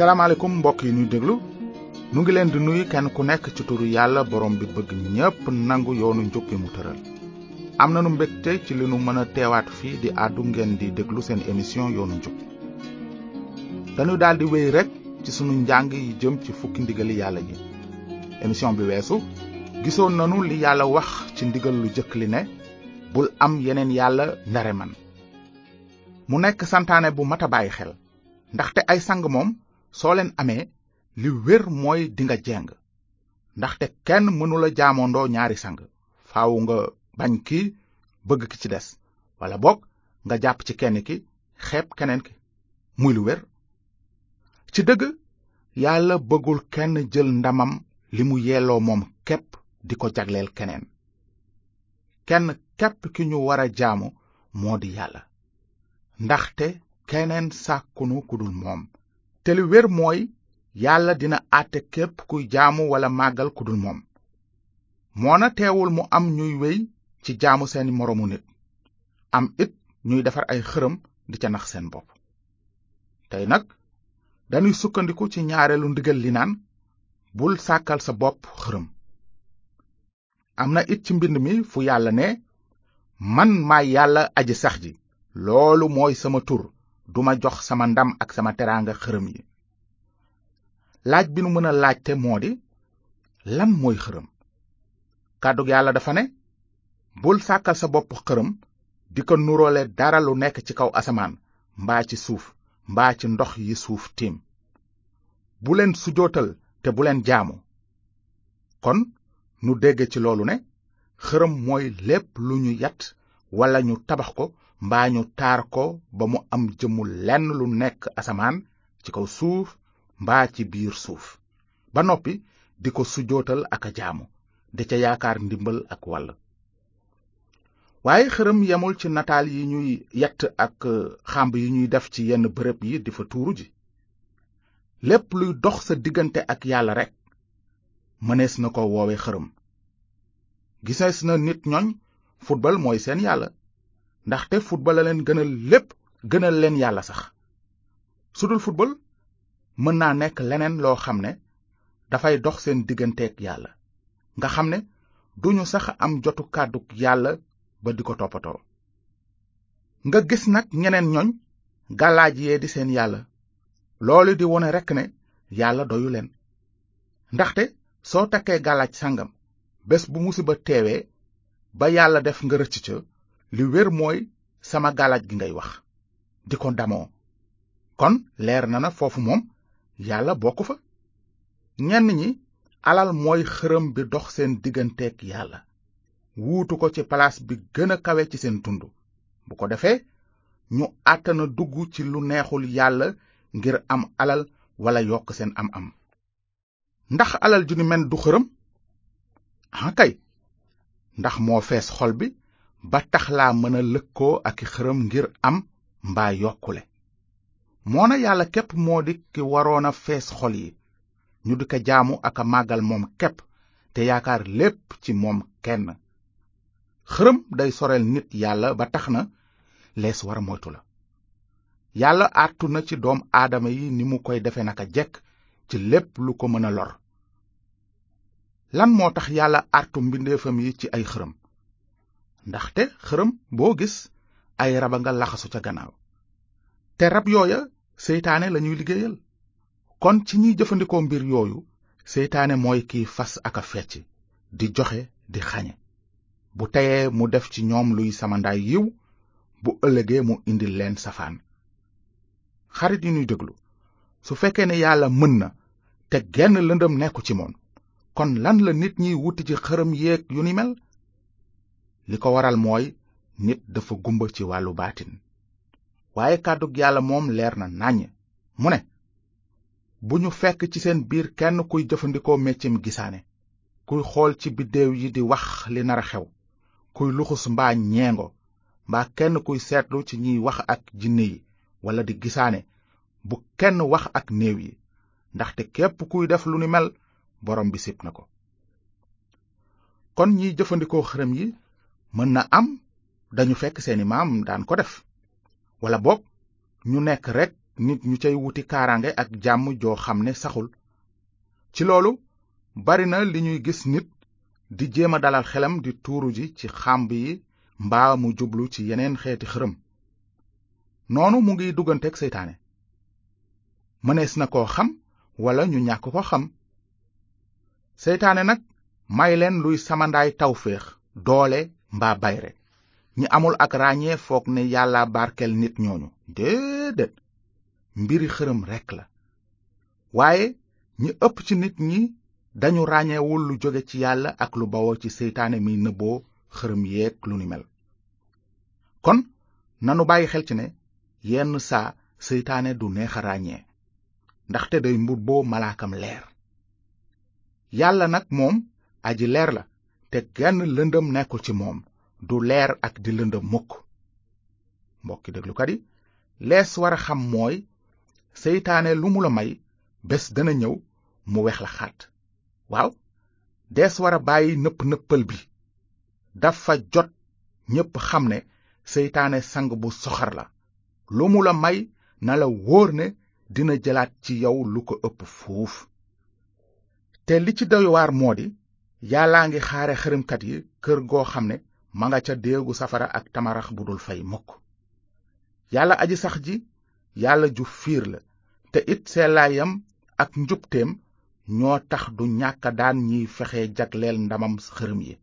salaamaaleykum mbokk yi ñuy déglu nu ngi leen di nuyu kenn ku nekk ci turu yàlla borom bi bëgg ñépp nangu yoonu njub bi mu tëral am na nanu mbégte ci li nu mën a teewaat fii di àddu ngeen di déglu seen émission yoonu njub dañu daldi wéy rekk ci sunu njàng yi jëm ci fukki ndigali yàlla yi émission bi weesu gisoon nanu li yàlla wax ci ndigal lu jëkk li ne bul am yeneen yàlla ndare man mu nekk santaane bu mat a bàyyi xel ndaxte ay sang moom soo leen amee li wér mooy dinga jeng ndaxte kenn mënula jaamondoo ñaari sang faaw nga bañ ki bëgg ki ci des walla bokk nga jàpp ci kenn ki xeeb keneen ki muy lu wér ci dëgg yàlla bëggul kenn jël ndamam li mu yelloo moom képp di ko jagleel keneen kenn képp ki ñu war a jaamu moo di yàlla ndaxte keneen sàkkunu ku dul moom te lu wér mooy yàlla dina àtte képp kuy jaamu walla màggal ku dul moom moona teewul mu am ñuy wéy ci jaamu seeni moroomu nit am it ñuy defar ay xërëm di ca nax seen bopp tey nag dañuy sukkandiku ci ñaareelu ndigal li naan bul sàkkal sa bopp xërëm am na it ci mbind mi fu yàlla ne man maay yàlla aji sax ji loolu mooy sama tur duma jox sama ndam ak sama teraanga xërëm yi laaj bi nu mën a laajte moo di lan mooy xërëm kàddug yàlla dafa ne bul sàkkal sa bopp xërëm di ko nuroole dara lu nekk ci kaw asamaan mbaa ci suuf mbaa ci ndox yi suuf tiim buleen leen sujootal te bu leen jaamu kon nu dégg ci loolu ne xërëm mooy lépp lu ñu yat walla ñu tabax ko mbaa ñu taar ko ba mu am jëmu lenn lu nekk asamaan ci kaw suuf mbaa ci biir suuf ba noppi di ko sujootal ak a jaamu di ca yaakaar ndimbal ak wàll waaye xërëm yemul ci nataal yi ñuy yett ak euh, xàmb yi ñuy def ci yenn bërëb yi di fa tuuru ji lépp luy dox sa diggante ak yàlla rekk mënees na ko woowe xërëm gisees na nit ñoñ futbal mooy seen yàlla ndaxte football a leen gënal lépp gënal leen yàlla sax su dul football mën naa nekk leneen loo xam ne dafay dox seen digganteeg yàlla nga xam ne duñu sax am jotu kàddu yàlla ba di ko toppatoo nga gis nag ñeneen ñoñ galaaj yee di seen yàlla loolu di wone rekk ne yàlla doyu leen ndaxte soo takkee gàllaaj sàngam bés bu musiba teewee ba yàlla def nga rëcc ca li wér mooy sama galaaj gi ngay wax di ko ndamoo kon leer na na foofu moom yàlla bokk fa ñenn ñi alal mooy xërëm bi dox seen digganteeg yàlla wuutu ko ci palaas bi gën a kawe ci seen tund bu ko defee ñu àttana dugg ci lu neexul yàlla ngir am alal walla yokk seen am-am ndax alal ju ni men du xërëm ah ndax moo fees xol bi ba tax laa mën a lëkkoo ak i xërëm ngir am mbaa yokkule moona yàlla képp moo di ki waroon a fees xol yi ñu di ko jaamu ak a màggal moom képp te yaakaar lépp ci moom kenn xërëm day soreel nit yàlla ba tax na lees war moytu la yàlla àttu na ci doom aadama yi ni mu koy defe naka jekk ci lépp lu ko mën a lor lan moo tax yàlla àttu mbindeefam yi ci ay xërëm ndaxte xërëm boo gis ay raba nga laxasu ca gannaaw te rab yooya seytaane lañuy liggéeyal kon ci ñiy jëfandikoo mbir yooyu seytaane mooy kiy fas ak a fecc di joxe di xañe bu teyee mu def ci ñoom luy samandaay yiw bu ëllëgee mu indil leen safaan xarit yi ñuy déglu su fekkee ne yàlla mën na te genn lëndëm nekku ci moom kon lan la nit ñiy wuti ci xërëm yeeg yu ni mel li ko waral mooy nit dafa gumba ci wàllu baatin waaye kàddu yàlla moom leer na nàññ mu ne bu ñu fekk ci seen biir kenn kuy jëfandikoo meccim gisaane kuy xool ci biddéew yi di wax li nar a xew kuy luxus mbaa ñeengo mbaa kenn kuy seetlu ci ñiy wax ak jinne yi walla di gisaane bu kenn wax ak néew yi ndaxte képp kuy def lu ni mel borom bi sib na ko kon ñiy jëfandikoo xërëm yi mën na am dañu fekk seeni maam daan ko def walla boog ñu nekk rekk nit ñu cey wuti kaaraange ak jàmm joo xam ne saxul ci loolu bari na li ñuy gis nit di jéem a dalal xelam di tuuru ji ci xàmb yi mbaa mu jublu ci yeneen xeeti xërëm noonu mu ngi dugganteeg seytaane mënees na koo xam wala ñu ñàkk ko xam seytaane nag may leen luy samandaay tawféex doole mbaa bayre ñi amul ak ràññee foog ne yàlla barkel nit ñooñu déedéet mbiri xërëm rekk la waaye ñi ëpp ci nit ñi dañu ràññewul lu jóge ci yàlla ak lu bawoo ci seytaane mi nëbboo xërëm yeeg lu ni mel kon nanu bàyyi xel ci ne yenn saa seytaane du neex a ràññee ndaxte day mbubboo malaakam leer yàlla nag moom aji leer la te genn lëndëm nekkul ci moom du leer ak di lëndëm mukk mbokki déglukat yi lees war a xam mooy seytaane lu mu la may bés dana ñëw mu wex la xaat waaw dees war a bàyyi nëpp nëppal bi dafa jot ñépp xam ne seytaane sang bu soxar la lu mu la may na la wóor ne dina jëlaat ci yow lu ko ëpp fuuf te li ci doy waar moo di yàllaa ngi xaare xërëmkat yi kër goo xam ne ma nga ca déegu safara ak tamarax bu dul fay mukk yàlla aji sax ji yàlla ju fiir la te it sellaayam ak njubteem ñoo tax du ñàkka daan ñiy fexe jagleel ndamam xërëm yi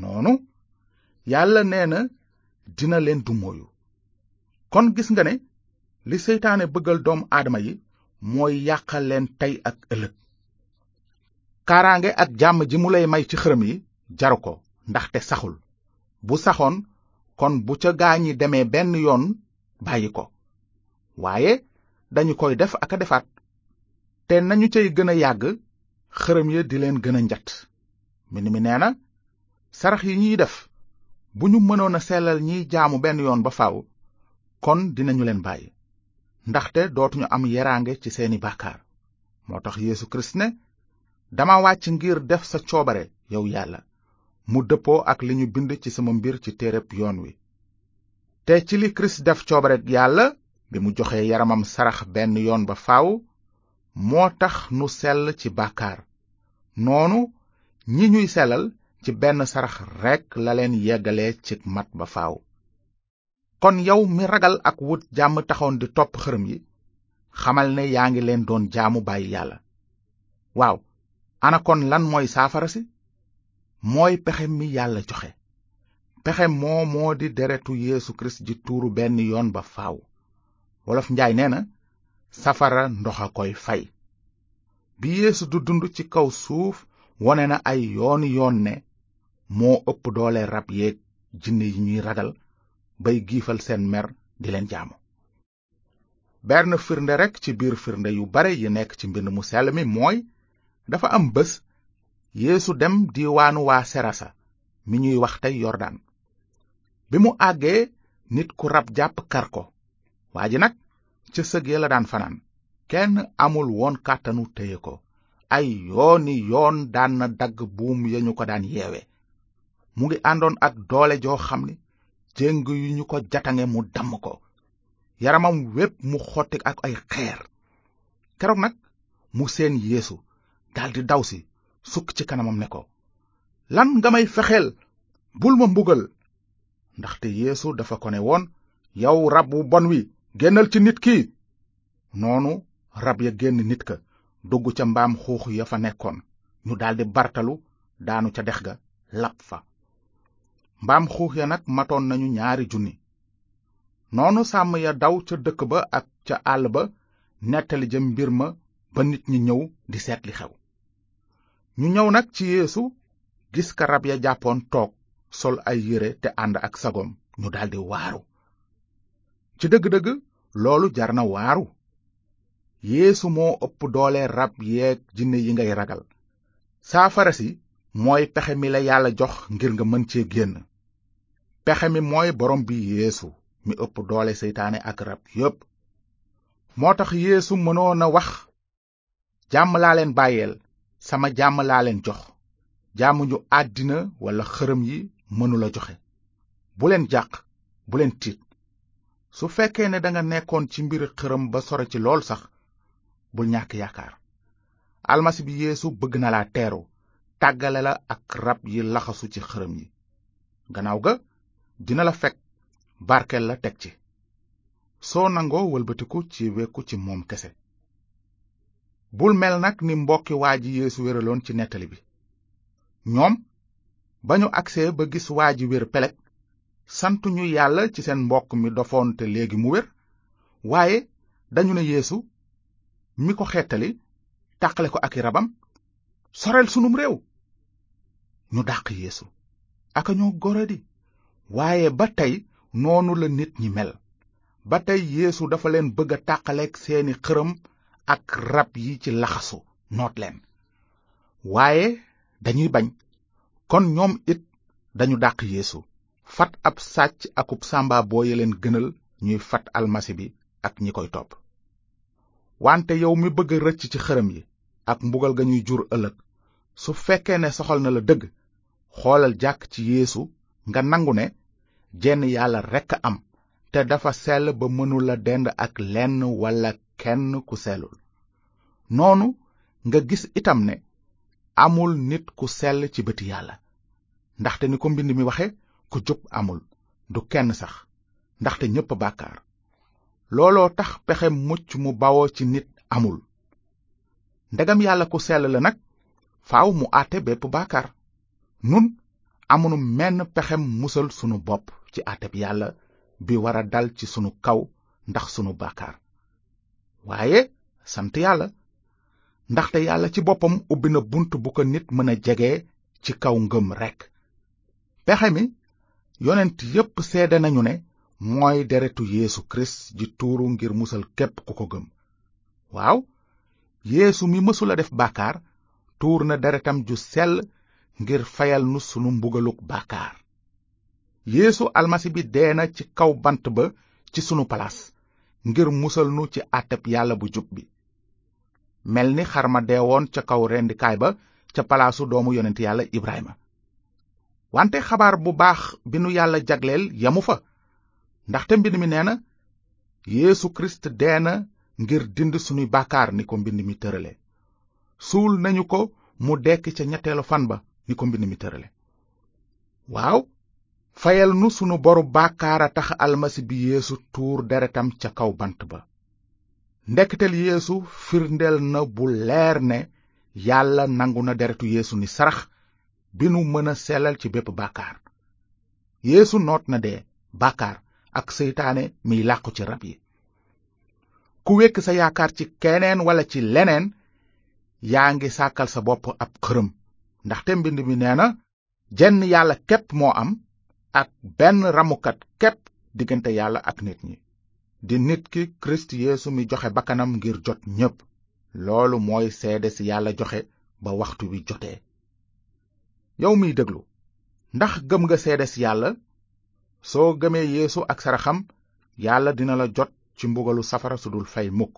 noonu yàlla nee na dina leen du kon gis nga ne li seytaane bëggal doomu aadama yi mooy yàqal leen tey ak ëllëg kaaraange ak jàmm ji mu lay may ci xërëm yi jaru ko ndaxte saxul bu saxoon kon bu ca gaañi demee benn yoon bàyyi ko waaye dañu koy def ak a defaat te nañu cay gën a yàgg xërëm ya di leen gën a njat mbind mi nee na sarax yi ñuy def bu ñu mënoon a sellal ñiy jaamu benn yoon ba faaw kon dinañu leen bàyyi ndaxte dootuñu am yeraange ci seeni bàkkaar moo tax yéesu Kirist ne dama wàcc ngir def sa coobare yow yàlla mu dëppoo ak li ñu bind ci sama mbir ci téereb yoon wi te ci li kirist def coobare yàlla bi mu joxe yaramam sarax benn yoon ba faaw moo tax nu sell ci bàkkaar noonu ñi ñuy selal ci benn sarax rekk la leen yeggalee ci mat ba faaw kon yow mi ragal ak wut jàmm taxoon di topp xërëm yi xamal ne yaa ngi leen doon jaamu bàyyi yàlla waaw ana kon lan mooy saafara si mooy pexe mi yàlla joxe pexe moo moo di deretu yeesu kirist ji tuuru benn yoon ba faw wolof njaay nee na safara ndox a koy fay bi yeesu du dund ci kaw suuf wone na ay yoon yoon ne moo ëpp doole rab yeeg jinne yi ñuy ragal bay giifal seen mer di leen jaamu benn firnde rekk ci biir firnde yu bare yi nekk ci mbind mu sell mi mooy dafa am bés yéesu dem diiwaanu waa serasa mi ñuy wax tey yordaan bi mu àggee nit ku rab jàpp kar ko waa ji nag ca sëg la daan fanaan kenn amul woon kàttanu téye ko ay yooni yoon daan na dagg buum ya ñu ko daan yeewe mu ngi àndoon ak doole joo xam ni jéng yu ñu ko jatange mu damm ko yaramam wépp mu xotti ak ay xeer keroog nag mu séen yéesu daldi daw si sukk ci kanamam ne ko lan nga may fexeel bul ma mbugal ndaxte yéesu dafa ko ne woon yow rab wu bon wi génnal ci nit ki noonu rab ya génn nit ka dugg ca mbaam xuux ya fa nekkoon ñu daldi bartalu daanu ca dex ga lap fa mbaam xuux ya nag matoon nañu ñaari junni noonu sàmm ya daw ca dëkk ba ak ca àll ba nettali ja mbir ma ba nit ñi ñëw di seet xew ñu ñëw nag ci yeesu gis ka rab ya jàppoon toog sol ay yére te ànd ak sagoom ñu daldi waaru ci dëgg-dëgg loolu jar na waaru yeesu moo ëpp doole rab yeeg jinné yi ngay ragal saafara si mooy pexe mi la yàlla jox ngir nga mën cee génn pexe mi mooy borom bi yéesu mi ëpp doole seytaane ak rab yépp moo tax yéesu mënoon a wax jàmm laa leen bàyyeel sama jàmm laa leen jox jàmm jaamuñu àddina walla xërëm yi mënula joxe bu leen jàq bu leen tiit su fekkee ne danga nekkoon ci mbiri xërëm ba sore ci lool sax bul ñàkk yaakaar almasi bi yéesu bëgg na laa teeru tàggale la ak rab yi laxasu ci xërëm yi gannaaw ga dina la fekk barkel la teg ci soo nangoo wëlbatiku ci wekku ci moom kese bul mel nag ni mbokki waa ji yeesu wéraloon ci nettali bi ñoom ba ñu agsee ba gis waa ji wér peleg santuñu yàlla ci seen mbokk mi dofoon te léegi mu wér waaye dañu ne yéesu mi ko xettali tàqale ko ak i rabam sorel sunum réew ñu dàq yéesu aka ñoo goradi waaye ba tey noonu la nit ñi mel ba tey yéesu dafa leen bëgg a tàqaleek seeni xërëm ak rab yi ci laxasu noot leen waaye dañuy bañ kon ñoom it dañu dàq yéesu fat ab sàcc akub sàmba booye leen gënal ñuy fat almasi bi ak ñi koy topp wante yow mi bëgg rëcc ci xërëm yi ak mbugal nga ñuy jur ëllëg su fekkee ne soxal na la dëgg xoolal jàkk ci yeesu nga nangu ne jenn yàlla rekk am te dafa sell ba mënula dend ak lenn walla kenn ku sellul noonu nga gis itam ne amul nit ku sell ci bëti yàlla ndaxte ni ko mbind mi waxe ku jub amul du kenn sax ndaxte ñépp bàkkaar looloo tax pexe mucc mu bawoo ci nit amul ndegam yàlla ku sell la nag faaw mu àtte bépp bàkkaar nun amunu menn pexem musal sunu bopp ci àtteb yàlla bi wara dal ci sunu kaw ndax sunu bàkkaar waaye sant yàlla ndaxte yàlla ci boppam ubbi na bunt bu ko nit mën a jege ci kaw ngëm rekk pexe mi yonent yépp seede nañu ne mooy deretu yéesu kirist ji tuuru ngir musal képp ku ko gëm waaw yeesu mi mësula def baakaar tuur na deretam ju sell ngir fayal nu sunu mbugaluk baakaar yéesu almasi bi dee na ci kaw bant ba ci sunu palaas ngir musal nu ci àtteb yàlla bu jub bi mel ni xar ma deewoon ca kaw rendikaay ba ca palaasu doomu yonent yàlla Ibrahima wante xabaar bu baax bi nu yàlla jagleel yamu fa ndaxte mbind mi nee na Yeesu Kirist dee na ngir dind sunuy bàkkaar ni ko mbind mi tërale suul nañu ko mu dekk ca ñetteelu fan ba ni ko mbind mi tërale waaw fayal nu sunu boru bàkkaar a tax almasi bi yeesu tuur deretam ca kaw bant ba ndeketeel yéesu firndeel na bu leer ne yàlla nangu na deretu yéesu ni sarax bi nu mën a selal ci bépp bàkkaar yéesu noot na dee bàkkaar ak seytaane miy làqu ci rab yi ku wekk sa yaakaar ci keneen walla ci leneen yaa ngi sàkkal sa bopp ab xërëm ndaxte mbind mi nee na jenn yàlla képp moo am ak benn ramukat képp diggante yàlla ak nit ñi di nit ki kirist yeesu mi joxe bakkanam ngir jot ñépp loolu mooy seede si yàlla joxe ba waxtu wi jotee yow miy déglu ndax gëm nga seede si yàlla soo gëmee yéesu ak saraxam yàlla dina la jot ci mbugalu safara su dul fay mukk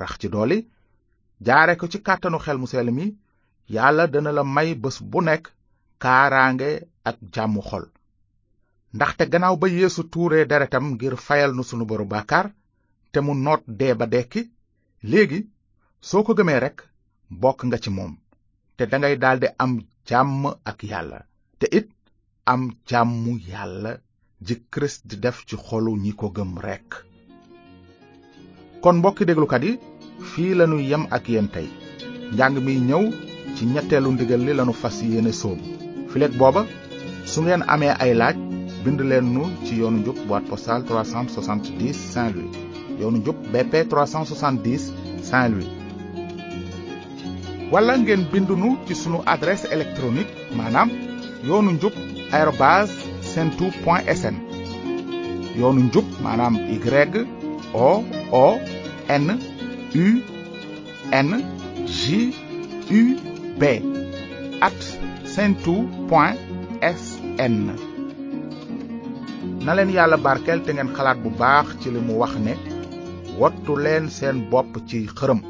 rax ci dooli jaare ko ci kàttanu xel mu seel mi yàlla dina la may bés bu nekk kaaraange ak jàmmu xol ndaxte gannaaw ba yéesu tuuree deretam ngir fayal nu sunu boru bàkkaar te mu noot dee ba dekki léegi soo ko gëmee rekk bokk nga ci moom te dangay daldi am jàmm ak yàlla te it am jàmmu yàlla ji kirist di def ci xolu ñi ko gëm rekk kon mbokki déglukat yi fii lanu yem ak yéen tey njàng mi ñëw ci ñetteelu ndigal li lanu fas yéene sóobu fileek booba su ngeen amee ay laaj bind leen nu ci yoonu njub boîte postale 370 Saint-Louis yoonu njub BP 370 Saint-Louis wala ngeen bind nu ci sunu adresse électronique maanaam yoonu njub arobase sentour point sn yoonu njub maanaam y o o n u n j u b at sn na leen yàlla barkeel te ngeen xalaat bu baax ci li mu wax ne wattu leen seen bopp ci xërëm